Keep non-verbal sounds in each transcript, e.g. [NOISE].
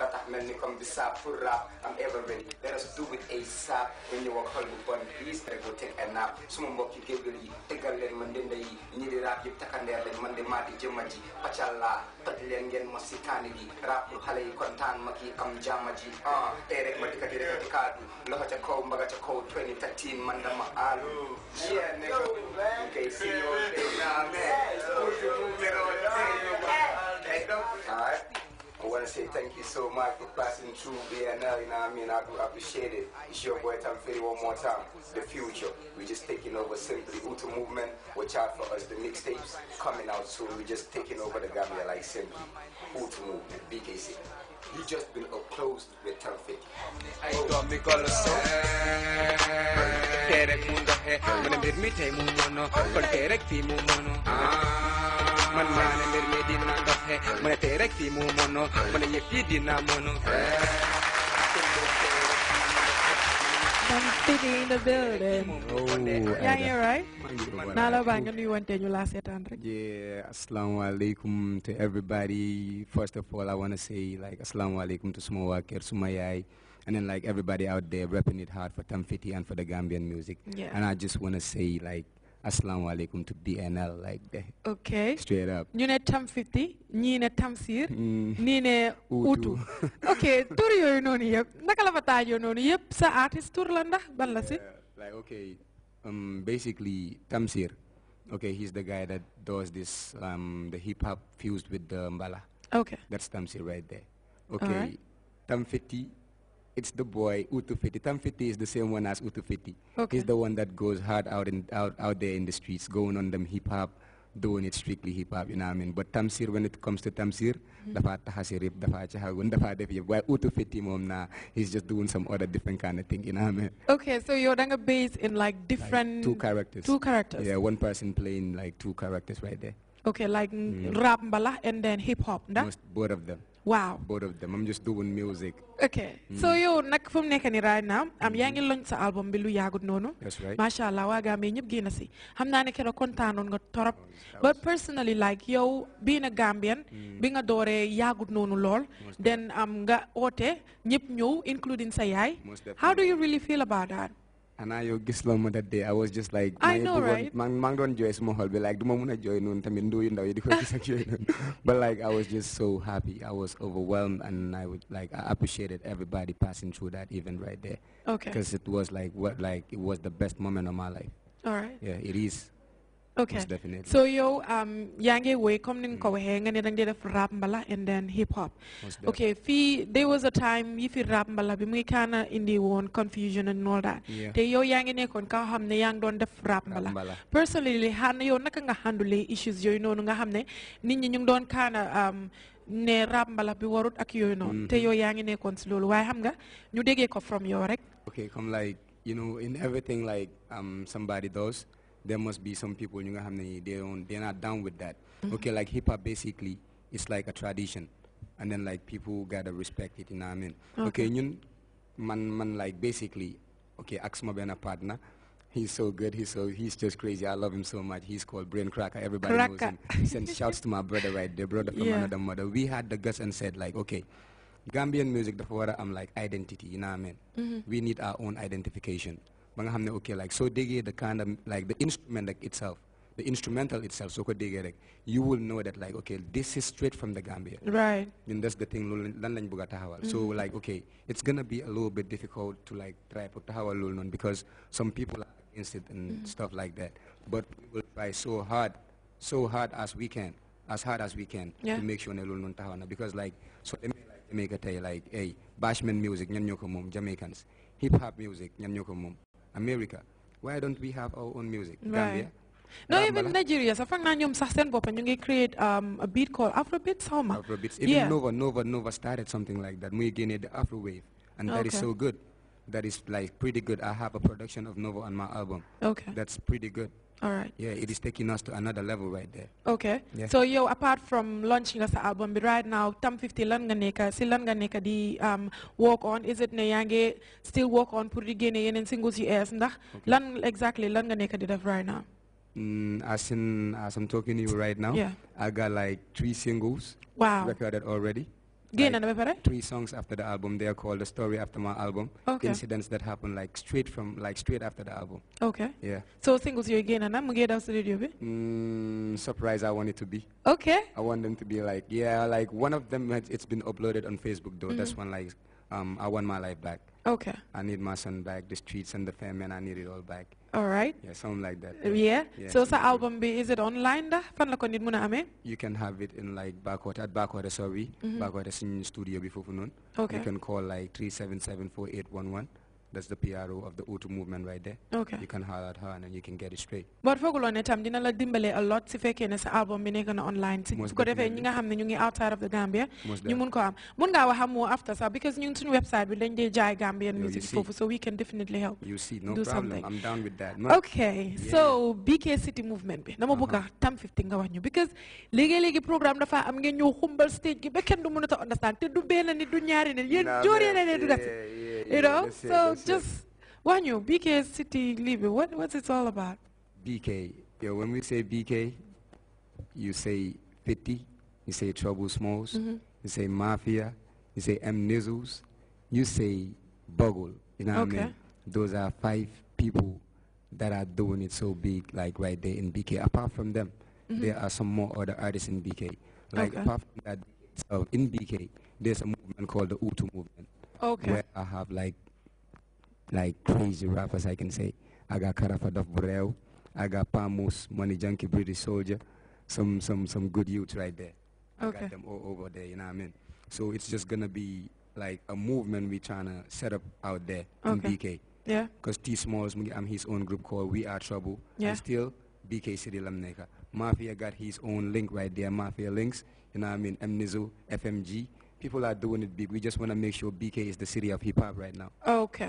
I'm ever ready. Let us do it ASAP when you walk calling upon peace, they go take a nap. Someone walk you give you, take a little Mandinda, needed up, you take a little Monday, Madi Jamaji, Pachala, Tatliangan Masitanigi, Rapu Hale Kontan Maki, Am Jamaji, Ah, Eric Matika Kadu, Lohachako, Magachako, 2013, Mandama Alu. Yeah, nigga. Okay, see you all day. Nah, man. Alright. I want to say thank you so much for passing through BNL, you know what I mean? I do appreciate it. It's your boy Tamfili one more time. The future. We're just taking over Simply Uto Movement. Watch out for us. The mixtapes coming out soon. We're just taking over the Gambia like Simply Uto Movement, BKC. You just been up close with Tamfili. I don't make all the songs like mu mono mona ye fidi na mono in the building. Oh, you're right. naa la baa yeah to everybody first of all I want to say like Alaikum to Sumo waa kër and then like everybody out there repping it hard for Tamfiti and for the Gambian music. Yeah. And I just want to say like asalaamaaleykum to DNL like that. Eh, ok straight up. ñu ne Tamfiti ñii ne Tamsir. ni mm. ne Utu. ok tur yooyu noonu yëpp naka la fa taajoo noonu sa artist tour la ndax ban la si. like okay um, basically Tamsir okay he's the guy that does this um, the hip hop fused with the mbala. okay that's Tamsir right there. okay Tamfiti it's the boy Utufiti. Tamfiti is the same one as Utufiti. Okay. He's the one that goes hard out in, out out there in the streets, going on them hip hop, doing it strictly hip hop. You know what I mean? But Tamsir, when it comes to Tamsir, mm-hmm. dafa tahasi rip, dafa chahagun, dafa defi. Utufiti mom na, he's just doing some other different kind of thing. You know what I mean? Okay, so you're danga based in like different like two characters. Two characters. Yeah, one person playing like two characters right there. Okay, like mm. rap mbala and then hip hop. Most, both of them. waaw Both of them. I'm just doing music. Okay. So hmm. yow nak fu mu nekk nii right now am hmm. yaa ngi launch sa album bi lu yaagut noonu. that's macha allah waa Gambie ñëpp génn si xam naa ne keroog kontaanoon nga torop. Oh, but personally like yow being a Gambian. Hmm. bi nga dooree yaagut noonu lool. then am nga oote ñëpp ñëw including sa yaay. how do you really feel about that. xanaa yow gis loo ma day. I was just like. I know right Mang ngi doon jooy suma xol bi like du ma I a jooy noonu tamit ndaw yi di ko gis ak but like I was just so happy I was overwhelmed and I would like I appreciated everybody passing through that event right there. Okay. Because it was like what like it was the best moment of my life. All right. Yeah, it is. Okay. Definitely. So yo, um, yange way come in mm. kawaheng and then did a rap mbala and then hip hop. Okay, fi there was a time if you rap mbala bimu kana in the one confusion and all that. Te yo yange ne kon ka hamne yang don the rap mbala. Personally, han yo naka nga handle issues yo no nga hamne nit ñi ñu don kana um ne rap mbala bi warut ak yo, noonu. Mm-hmm. te yow yaa ngi nekkoon si loolu waaye xam nga ñu déggee ko from yow rek. ok come like you know in everything like um somebody does there must be some people you know how they do they're not down with that. Mm -hmm. Okay, like hip hop basically it's like a tradition, and then like people gotta respect it. You know what I mean? Okay, okay you man man like basically okay, ask my partner. He's so good. He's so he's just crazy. I love him so much. He's called Brain Cracker. Everybody Cracker. knows him. Send [LAUGHS] shouts to my brother right there, brother from yeah. another mother. We had the guts and said like, okay, Gambian music. The I'm like identity. You know what I mean? Mm -hmm. We need our own identification ba nga xam ok like so, déggee the kind of like the instrument like itself the instrumental itself So ko déggee rek you will know that like okay this is straight from the Gambia. right then that's the thing lan lañ bëgg taxawal. so mm-hmm. like okay it's gonna be a little bit difficult to like try to taxawal loolu noonu because some people are against it and mm-hmm. stuff like that but we will try so hard so hard as we can as hard as we can to make sure ne loolu noonu taxaw na because like so demee like make a tey like hey bashment music ñan ñoo ko Jamaicans hip hop music ñan ñoo ko America why don't we have our own music right. Gambia no, Rambala. even Nigeria. So far, nyom sasen bopa you create um, a beat called Afrobeat. How much? Afrobeats. Even yeah. Nova, Nova, Nova started something like that. We gained the Afro wave, and okay. that is so good. That is like pretty good. I have a production of Nova on my album. Okay. That's pretty good. All right. Yeah, it is taking us to another level right there. Okay. Yeah. So you apart from launching us album but right now tam 50 Langaneka, si lan di um, work on is it ne still work on pour di génne yeneen singles yu ees ndax lan exactly Langaneka did nekk di right now. Mm, as in as I'm talking to you right now, yeah. I got like three singles wow. recorded already like three songs after the album. They are called the story after my album. Okay. Incidents that happen like straight from like straight after the album. Okay. Yeah. So singles you again and I'm gonna get studio be? Mm, surprise I want it to be. Okay. I want them to be like yeah like one of them it's been uploaded on Facebook though. Mm -hmm. That's one like um I want my life back. Okay. I need my son back, the streets and the family, I need it all back. All right. Yeah, something like that. Yeah. yeah. yeah. So, so album be is it online da? Fan la ko nit amé? You can have it in like Backwater at Backwater sorry, mm -hmm. Backwater studio before fofu Okay. You can call like 3774811. That's the PRO of the Utu movement right there. Okay. You can holler at her and then you can get it straight. But for Golone Tam, dina la dimbele a lot si fekke na sa album bi nekk na online. Si ko defé ñi nga xamné ñu ngi outside of the Gambia, ñu mën ko am. Mën nga wax mo after sa because ñun suñu website bi dañ dé jaay Gambian music fofu so we can definitely help. You see, no do problem. Something. I'm down with that. Man. Okay. Yeah. So BK City movement bi. Dama uh-huh. bëgg Tam 50 nga wax ñu because légui légui programme dafa am ngeen ñoo xumbal stage gi ba kenn du mëna ta understand té du ben nit du ñaari nit yeen joré na né du def you know? so that's just, when you BK City living, what, what's it all about? BK, yeah, when we say BK, you say 50, you say Trouble Smalls, mm -hmm. you say Mafia, you say M Nizzles, you say Buggle, you know okay. what I mean? Those are five people that are doing it so big, like right there in BK. Apart from them, mm -hmm. there are some more other artists in BK. Like okay. apart from that, uh, in BK, there's a movement called the Utu movement. Okay. Where I have like like crazy rappers I can say. I got Karafa Duff Burrell, I got Pamus, Money Junkie, British Soldier, some some some good youths right there. Okay. I got them all over there, you know what I mean? So it's just gonna be like a movement we trying to set up out there okay. in BK. Yeah. Because T Smalls, I'm his own group called We Are Trouble. Yeah. And still BK City Lamneka. Mafia got his own link right there, Mafia Links, you know what I mean? M FMG people are doing it big. We just want to make sure BK is the city of hip hop right now. Okay.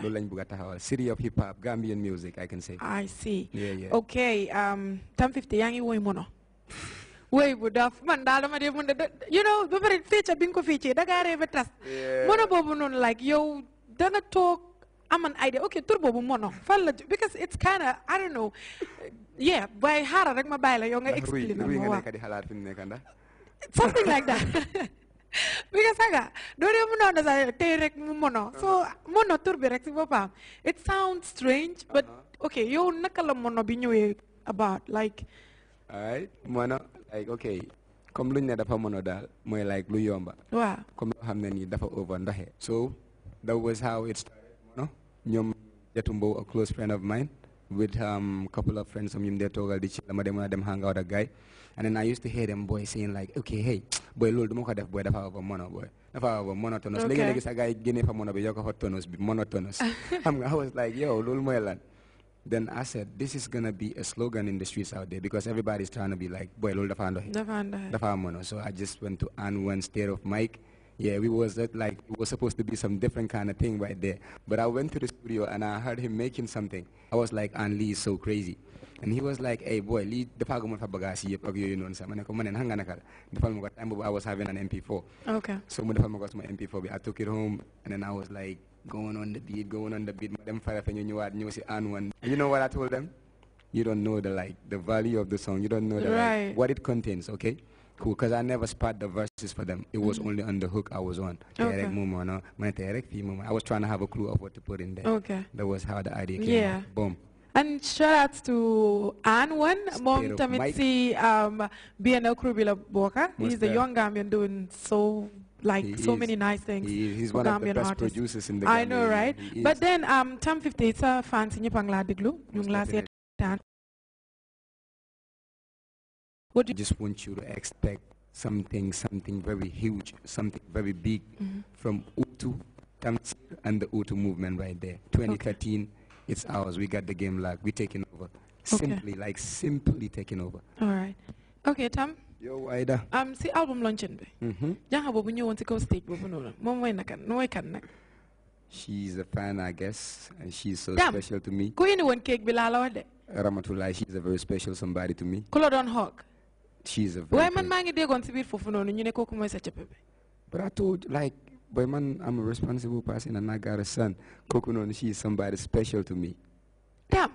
City of hip hop, Gambian music, I can say. I see. Yeah, yeah. Okay. Um, tam fifty yangi wo imono. Way [SIGHS] would have man ma de munda. You know, the very feature binko feature. Daga reve trust. Mono bobo non like yo. Dana talk. I'm an idea. Okay, Tur bobo mono. Falla because it's kind of I don't know. Yeah, by hara rek ma bayla yo nga explain Something like that. [LAUGHS] because aga doore mu noonu sa tey rek mu mono so uh-huh. mono tur bi rek si boppam it sounds strange but uh-huh. okay yow naka la mono bi ñëwee about like alright mono like okay comme luñ ne dafa mono daal mooy like lu yomba waa comme loo xam ne nii dafa over ndoxe so that was how it started mono ñoom jatu mbow a close friend of mine with um, couple of friends from Yimde Togal, the them hang out a guy. And then I used to hear them boys saying like, okay, hey, boy, lol, dumo kadaf boy, dafa over mono boy. Dafa over monotonous. Okay. lege sa guy gine pa mono be biyoko hotonous, monotonous. [LAUGHS] I was like, yo, lol mo elan. Then I said, this is going to be a slogan in the streets out there because everybody's trying to be like, boy, lol, dafa ando he. Dafa ando he. Dafa mono. So I just went to Anwen State of Mike yeah, we was at, like it was supposed to be some different kind of thing right there. But I went to the studio and I heard him making something. I was like, "And Lee is so crazy," and he was like, "Hey boy, Lee, the fago mo bagasi yep agyo yun sa manako manen hanga The fago mo time I was having an MP4. Okay. So mo the fago mo my MP4. I took it home and then I was like going on the beat, going on the beat. Madam you fenyo what? You si Anwan. You know what I told them? You don't know the like the value of the song. You don't know the right. like, what it contains. Okay cool because I never spot the verses for them. It was mm -hmm. only on the hook I was on. Okay. I was trying to have a clue of what to put in there. Okay. That was how the idea came. Yeah. Out. Boom. And shout outs to Anwan Mom Tamiti um BNL Krubila Boka. Ah. He's the young Gambian doing so like he so is. many nice things. He he's one Gambian of the best artists. producers in the Gambia. I know, right? but then um Tam 50 it's a fancy Nyipangla Diglu, last year. What do you just want you to expect something, something very huge, something very big mm -hmm. from Utu Tamsir and the Utu movement right there. 2013, okay. it's ours. We got the game locked. We're taking over. Okay. Simply, like simply taking over. All right. Okay, Tom. Yo, Aida. Um, see album launching mm Mhm. Janga bobu nyo wanti ko state bobu no. no kan She's a fan, I guess, and she's so Damn. special to me. Ko anyone cake bilala wade. Ramatullah, she's a very special somebody to me. Kulo don hog she's a very. waaye man maa ngi déggoon si biir foofu noonu ñu ne kooku mooy sa cëpp bi. but I told like boy man I'm a responsible person and I got a son Koko noonu she is somebody special to me. daam.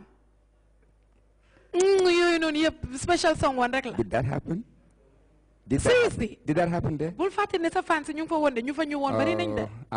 Mm, you know yëpp special someone rek la. did that happen. did that happen did that happen there. bul fàtte ne sa fan si ñu ngi fa woon de ñu fa ñu woon bari nañ de.